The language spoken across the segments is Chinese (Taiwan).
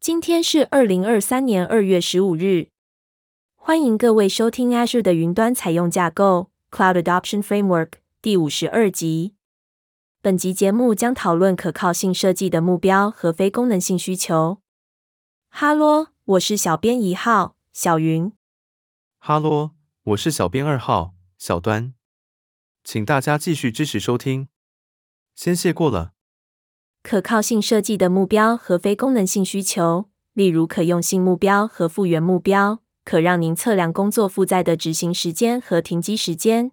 今天是二零二三年二月十五日，歡迎各位收聽 Azure 的雲端採用架構 （Cloud Adoption Framework） 第五十二集。本集節目將討論可靠性設計的目標和非功能性需求。哈嘍，我是小編一號，小雲。哈嘍，我是小編二號，小端。請大家繼續支持收聽，先謝過了。可靠性設計的目標和非功能性需求，例如可用性目標和復原目標，可讓您測量工作負載的執行時間和停機時間。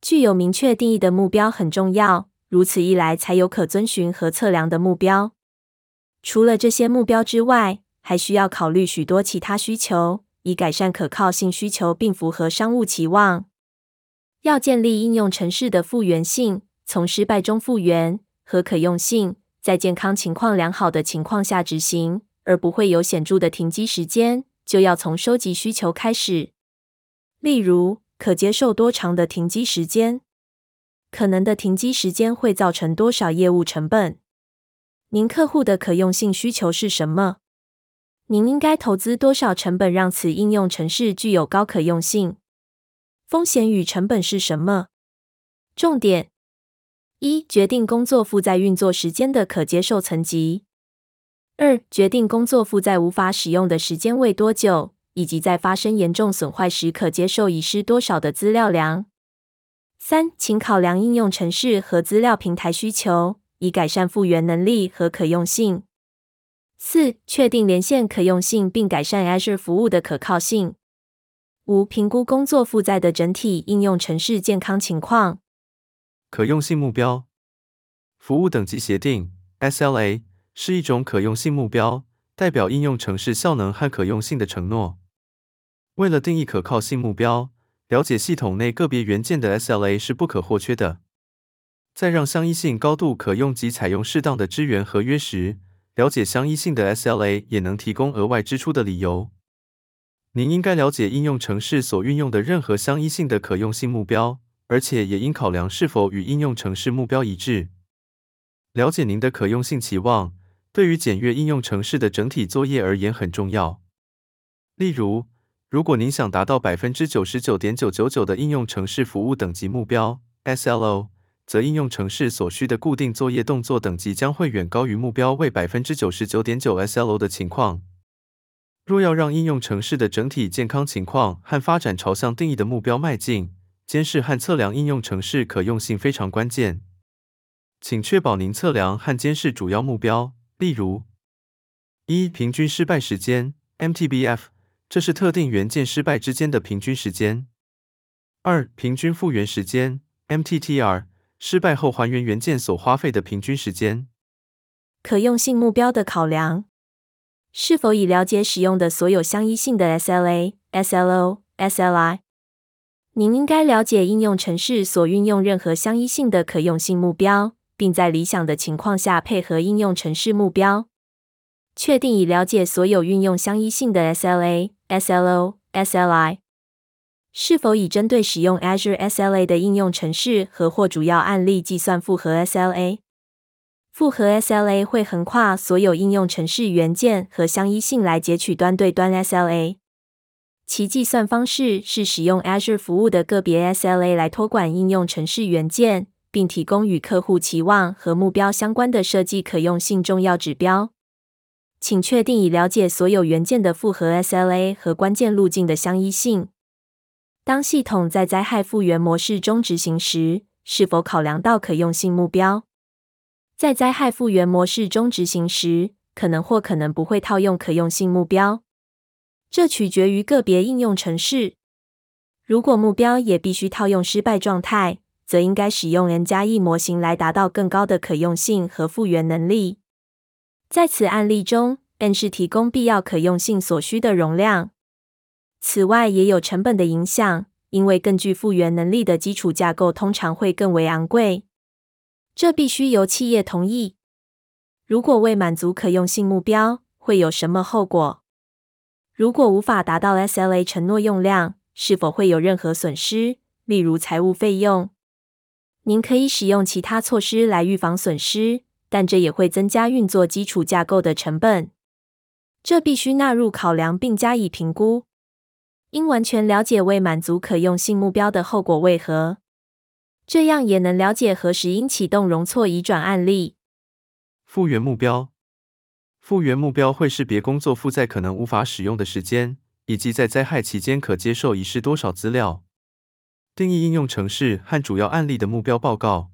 具有明確定義的目標很重要，如此一來才有可遵循和測量的目標。除了這些目標之外，還需要考慮許多其他需求，以改善可靠性需求並符合商務期望。要建立應用程式的復原性，從失敗中復原。和可用性，在健康情況良好的情況下執行，而不會有顯著的停機時間，就要從收集需求開始。例如，可接受多長的停機時間？可能的停機時間會造成多少業務成本？您客戶的可用性需求是什麼？您應該投資多少成本讓此應用程式具有高可用性？風險與成本是什麼？重點。一、決定工作負載運作時間的可接受層級；二、決定工作負載無法使用的時間為多久，以及在發生嚴重損壞時可接受遺失多少的資料量；三、請考量應用程式和資料平台需求，以改善復原能力和可用性；四、確定連線可用性並改善 Azure 服務的可靠性；五、評估工作負載的整體應用程式健康情況。可用性目標，服務等級協定 （SLA） 是一種可用性目標，代表應用程式效能和可用性的承諾。為了定義可靠性目標，了解系統內個別元件的 SLA 是不可或缺的。在讓相依性高度可用及採用適當的支援合約時，了解相依性的 SLA 也能提供額外支出的理由。您應該了解應用程式所運用的任何相依性的可用性目標。而且也應考量是否與應用程式目標一致。了解您的可用性期望，對於檢閱應用程式的整體作業而言很重要。例如，如果您想達到百分之九十九點九九九的應用程式服務等級目標 （SLO），則應用程式所需的固定作業動作等級將會遠高於目標為百分之九十九點九 SLO 的情況。若要讓應用程式的整體健康情況和發展朝向定義的目標邁進，監視和測量應用程式可用性非常關鍵，請確保您測量和監視主要目標，例如：一、平均失敗時間 （MTBF），這是特定元件失敗之間的平均時間；二、平均復原時間 （MTTR），失敗後還原元件所花費的平均時間。可用性目標的考量，是否已了解使用的所有相依性的 SLA、SLO、SLI？您應該了解應用程式所運用任何相依性的可用性目標，並在理想的情況下配合應用程式目標，確定已了解所有運用相依性的 SLA、SLO、SLI。是否已針對使用 Azure SLA 的應用程式和或主要案例計算複合 SLA？複合 SLA 會橫跨所有應用程式元件和相依性來截取端對端 SLA。其計算方式是使用 Azure 服務的個別 SLA 來託管應用程式元件，並提供與客戶期望和目標相關的設計可用性重要指標。請確定已了解所有元件的複合 SLA 和關鍵路徑的相依性。當系統在災害復原模式中執行時，是否考量到可用性目標？在災害復原模式中執行時，可能或可能不會套用可用性目標。這取決於個別應用程式。如果目標也必須套用失敗狀態，則應該使用 N 加一模型來達到更高的可用性和復原能力。在此案例中，N 是提供必要可用性所需的容量。此外，也有成本的影響，因為更具復原能力的基礎架構通常會更為昂貴。這必須由企業同意。如果未滿足可用性目標，會有什麼後果？如果無法達到 SLA 承諾用量，是否會有任何損失，例如財務費用？您可以使用其他措施來預防損失，但這也會增加運作基礎架構的成本。這必須納入考量並加以評估，應完全了解未滿足可用性目標的後果為何，這樣也能了解何時應啟動容錯移轉案例。復原目標。復原目標會識別工作負載可能無法使用的時間，以及在災害期間可接受遺失多少資料。定義應用程式和主要案例的目標報告。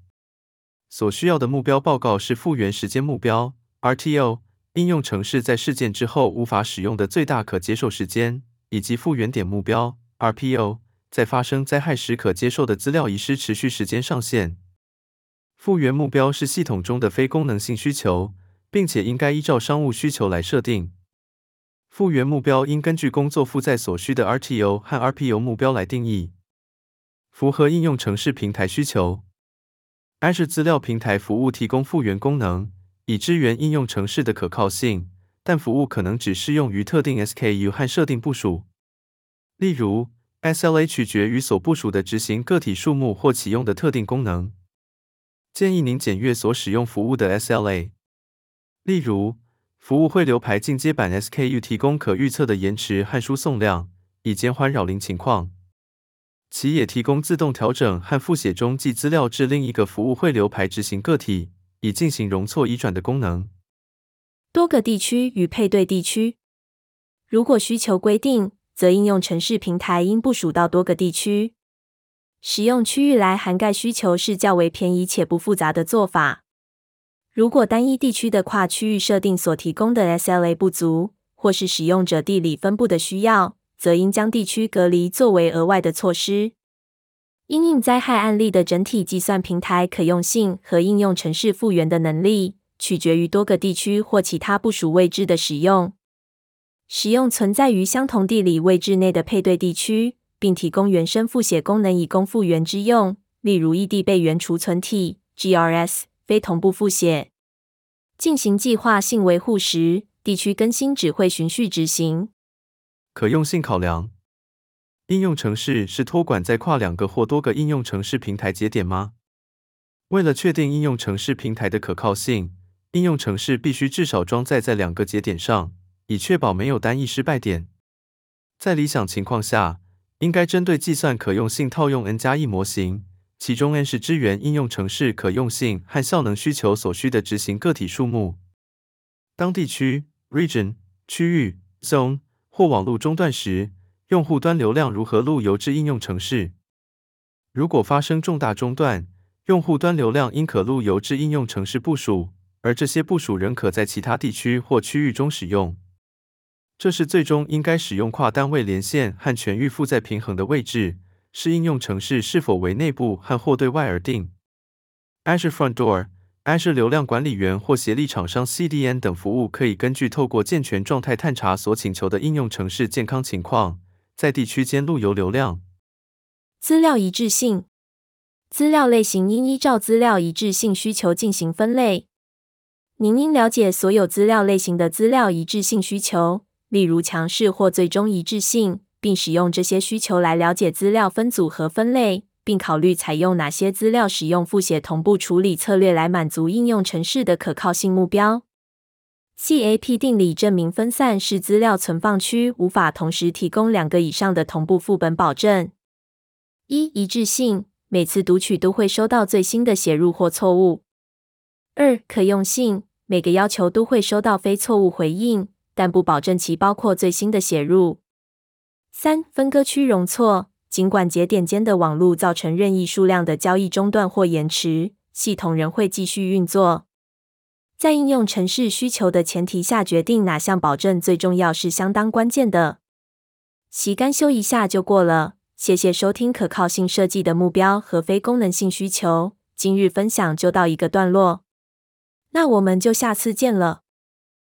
所需要的目標報告是復原時間目標 （RTO），應用程式在事件之後無法使用的最大可接受時間，以及復原點目標 （RPO），在發生災害時可接受的資料遺失持續時間上限。復原目標是系統中的非功能性需求，並且應該依照商務需求來設定。復原目標應根據工作負載所需的 RTO 和 RPO 目標來定義，符合應用程式平台需求。Azure 資料平台服務提供復原功能，以支援應用程式的可靠性，但服務可能只適用於特定 SKU 和設定部署。例如，SLA 取決於所部署的執行個體數目或啟用的特定功能。建議您檢閱所使用服務的 SLA。例如，服務匯流排進階版 （SKU） 提供可預測的延遲和輸送量，以減緩擾鄰情況。其也提供自動調整和複寫中繼資料至另一個服務匯流排執行個體，以進行容錯移轉的功能。多個地區與配對地區，如果需求規定，則應用程式平台應部署到多個地區。使用區域來涵蓋需求是較為便宜且不複雜的做法。如果單一地區的跨區域設定所提供的 SLA 不足，或是使用者地理分布的需要，則應將地區隔離作為額外的措施。因應災害案例的整體計算平台可用性和應用程式復原的能力，取決於多個地區或其他部署位置的使用。使用存在於相同地理位置內的配對地區，並提供原生複寫功能以供復原之用，例如異地備援儲存體 GRS。非同步複寫。進行計劃性維護時，地區更新只會循序執行。可用性考量，應用程式是託管在跨兩個或多個應用程式平台節點嗎？為了確定應用程式平台的可靠性，應用程式必須至少裝載在在兩個節點上，以確保沒有單一失敗點。在理想情況下，應該針對計算可用性套用 n 加一模型。其中，N 是支援應用程式可用性和效能需求所需的執行個體數目。當地區 （region）、區域 （zone） 或網絡中斷時，用戶端流量如何路由至應用程式？如果發生重大中斷，用戶端流量應可路由至應用程式部署，而這些部署仍可在其他地區或區域中使用。這是最終應該使用跨單位連線和全域負載平衡的位置。是應用程式是否為內部和或對外而定。Azure Front Door、Azure 流量管理員或協力廠商 CDN 等服務可以根據透過健全狀態探查所請求的應用程式健康情況，在地區間路由流量。資料一致性，資料類型應依照資料一致性需求進行分類。您應了解所有資料類型的資料一致性需求，例如強勢或最終一致性。並使用這些需求來了解資料分組和分類，並考慮採用哪些資料使用複寫同步處理策略來滿足應用程式的可靠性目標。CAP 定理證明分散式資料存放區無法同時提供兩個以上的同步副本保證：一、一致性，每次讀取都會收到最新的寫入或錯誤；二、可用性，每個要求都會收到非錯誤回應，但不保證其包括最新的寫入。三、分割區容錯，儘管節點間的網絡造成任意數量的交易中斷或延遲，系統仍會繼續運作。在應用程式需求的前提下，決定哪項保證最重要是相當關鍵的。其干修一下就過了，謝謝收聽。可靠性設計的目標和非功能性需求，今日分享就到一個段落，那我們就下次見了。